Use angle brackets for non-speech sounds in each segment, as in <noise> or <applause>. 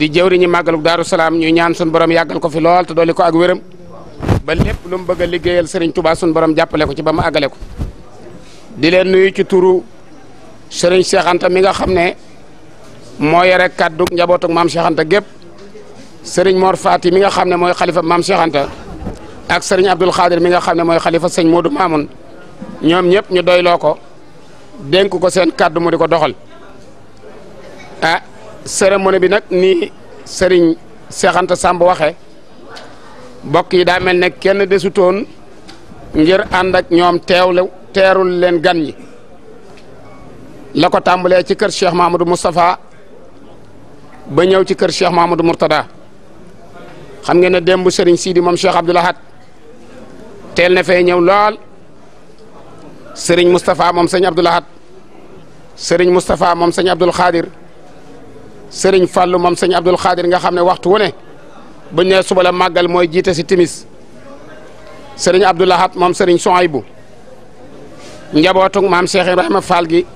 di jëwriñu màggalug daaru salaam ñu ñaan sun borom yàggal ko fi lool te dolli ko ak wéram ba lépp lu mu bëgg a sëriñ Touba sun borom jàppale ko ci ba mu àggale ko di leen nuyu ci turu sëriñ Cheikh mi nga xam ne moo yore kaddu njabootug maam Cheikh gépp sëriñ moor Fati mi nga xam ne mooy xalifa maam Cheikh Anta ak sëriñ Abdul Xaadir mi nga xam ne mooy xalifa sëñ Modou Mamoun ñoom ñëpp ñu doyloo ko dénk ko seen kàddu mu di ko doxal ah, cérémonie bi nag nii Serigne Cheikh Anta Samb waxee mbokk yi daa mel ne kenn desutoon ngir ànd ak ñoom teewlu teerul leen gan ñi la ko tàmbalee ci kër Cheikh Mahamadou Moustapha ba ñëw ci kër Cheikh Mahamadou Mourtada xam ngeen ne démb Serigne Sidi moom Cheikh Abdoul Ahad teel na fee ñëw laal Serigne Moustapha moom sëñ Abdoul Ahad Serigne moom sëñ Abdoul sëriñ Fallou moom sëñ Abdul Xaadir nga xam ne waxtu wu ne bu ñu màggal mooy jiite si timis sëriñ Abdou moom sëriñ Sohaybu njabootu maam Cheikh Ibrahima Fall gi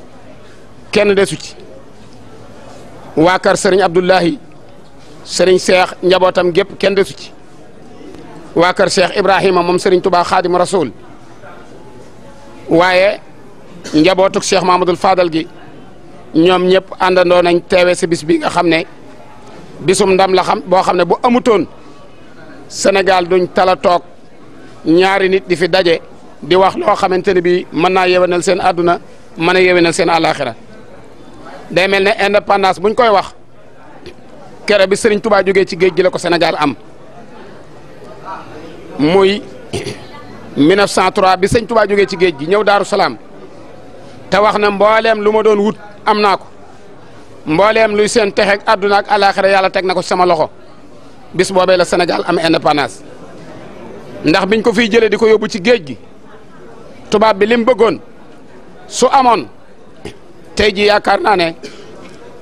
kenn desu ci waa kër sëriñ Abdullahi sëriñ Cheikh njabootam gépp kenn desu ci waa kër Cheikh Ibrahima moom sëriñ Tuubaa Xaadim Rasul waaye njabootuk Cheikh Mamadul Fadal gi. ñoom ñëpp àndandoo nañ teewe si bis bi nga xam ne bisum ndam la xam boo xam ne boo amutoon Sénégal duñ tala toog ñaari nit di fi daje di wax loo xamante ne bii mën naa yewenal seen àdduna mën a yewenal seen àllaaxira day mel ne indépendance buñ koy wax kere bi Serigne Touba jóge ci géej gi la ko Sénégal am muy 1903 <coughs> bi Serigne Touba jógee ci géej gi ñëw Daaru Salaam te wax na mbooleem lu doon wut. am naa ko mbooleem luy seen texeeg àdduna ak alaaxira yàlla teg na ko ci sama loxo bis la Sénégal am indépendance ndax biñ ko fiy jëlee di ko yóbbu ci géej gi tubaab bi lim bëggoon su amoon tey ji yaakaar naa ne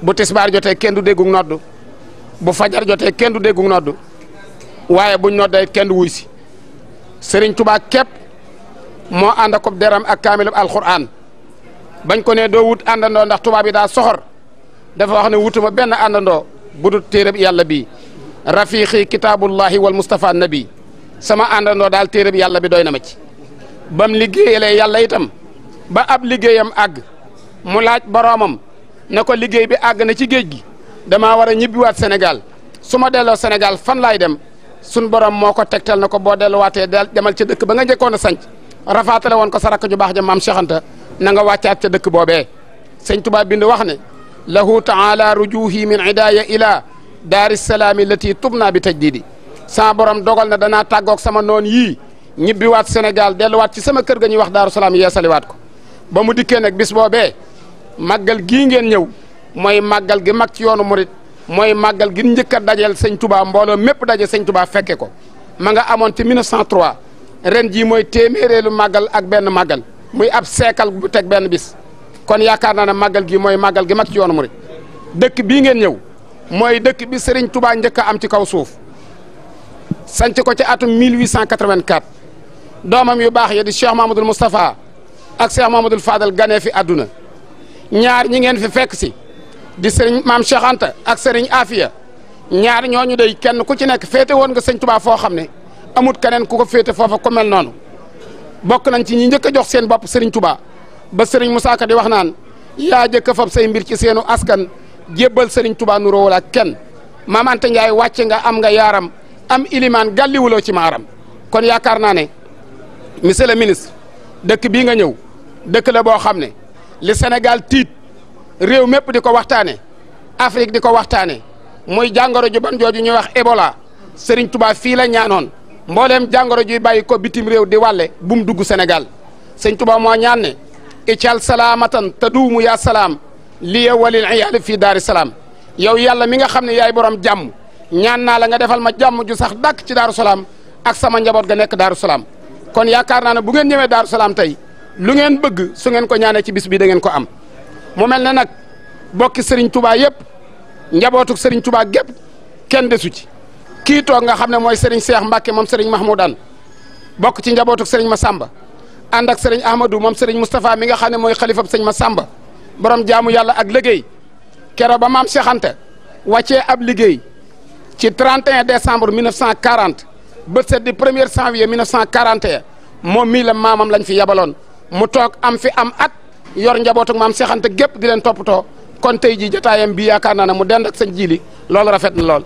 bu tisbaar jotee kenn du déggu noddu bu fajar jotee kenn du déggu noddu waaye buñ noddee kenn du wuy si Sëriñ Tuubaa képp moo ànd ak deram ak kaamilub alxuraan bañ ko ne doo wut àndandoo ndax tubaab yi daa soxor dafa wax ne wutuma benn àndandoo bu dul téereb yàlla bi rafiqi kitaabullahi wal mustafa nabi sama àndandoo daal téereb yàlla bi doy na ma ci bam liggéeyalee yàlla itam ba ab liggéeyam àgg mu laaj boroomam ne ko liggéey bi àgg na ci géej gi damaa war a ñibbiwaat Sénégal su ma delloo senegal fan laay dem sun borom moo ko tegtal na ko boo delluwaatee demal ca dëkk ba nga njëkkoon a sanc rafaatale woon ko sa rakk baax ja maam na nga wàccaat ca dëkk boobee sëñ Tuubaa bind wax ne lahu taala rujuhi min idaaya ila daari salaami lati tubna bi tajdiidi sama borom dogal na danaa tàggoog sama noon yii ñibbiwaat Sénégal delluwaat ci sama kër ga ñuy wax daaru salaam waat ko ba mu dikkee nag bis boobee màggal gii ngeen ñëw mooy màggal gi mag ci yoonu murit mooy màggal gi njëkk a dajeel sëñ Touba mbooloo mépp daje sëñ Touba fekke ko ma nga amoon ci ren jii mooy téeméereelu màggal ak benn màggal muy ab seekal bu teg benn bis kon yaakaar naa ne màggal gi mooy màggal gi mag ci yoonu mu murit dëkk bii ngeen ñëw mooy dëkk bi Serigne tubaa njëkk a am ci kaw suuf sanc ko ci atum 1884 doomam yu baax ya di Cheikh Mamadou Moustapha ak Cheikh Mamadou Fadal ganee fi àdduna ñaar ñi ngeen fi fekk si di Serigne maam Cheikh Anta ak Serigne Afia ñaar ñu day kenn ku ci nekk féete woon nga Serigne tubaa foo xam ne amut keneen ku ko féete foofa ku mel noonu. bokk nañ ci ñi njëkk a jox seen bopp sëriñ tubaa ba Serigne Moussa Ka di wax naan yaa jëkk a fab say mbir ci seenu askan jébbal Serigne Touba nu roowala kenn maam Anta Ndiaye wàcce nga am nga yaaram am ilimaan gàlliwuloo ci maaram kon yaakaar naa ne monsieur le dëkk bii nga ñëw dëkk la boo xam ne li Sénégal tiit réew mépp di ko waxtaane Afrique di ko waxtaane muy jàngoro ju ban jooju ñuy wax Ebola Serigne Touba fii la ñaanoon. mbooleem jàngoro ji bàyyi ko bitim réew di walle bu mu dugg senegal sëñ Tuubaa moo ñaan ne ical salaamatan te duumu yaa salaam liya walil iyaali fii daari salaam yow yàlla mi nga xam ne yaay borom jàmm ñaan naa la nga defal ma jàmm ju sax dàkk ci daaru salaam ak sama njaboot ga nekk daaru salaam kon yaakaar naa ne bu ngeen ñëwee daaru salaam tey lu ngeen bëgg su ngeen ko ñaanee ci bis bi da ngeen ko am moo mel ne nag bokki sëriñ tubaa yëpp njabootuk sëriñ Tuubaa gépp kenn desu ci kii toog nga xam ne mooy Serigne Cheikh Mbacke moom Serigne Mahmoudane bokk ci njabootuk ma sàmba ànd ak Serigne Ahmadou moom Serigne Moustapha mi nga xam ne mooy xalifam Serigne Massamba borom jaamu yàlla ak liggéey keroo ba maam Cheikh Anta wàccee ab liggéey ci 31 décembre 1940 bët set di 1er janvier 1941 moom mii la maamam lañ fi yabaloon mu toog am fi am at yor njabootuk maam seexante Anta gépp di leen toppatoo kon tey jii jotaayam bi yaakaar naa ne mu dend ak sëñ jiili loolu rafet lool.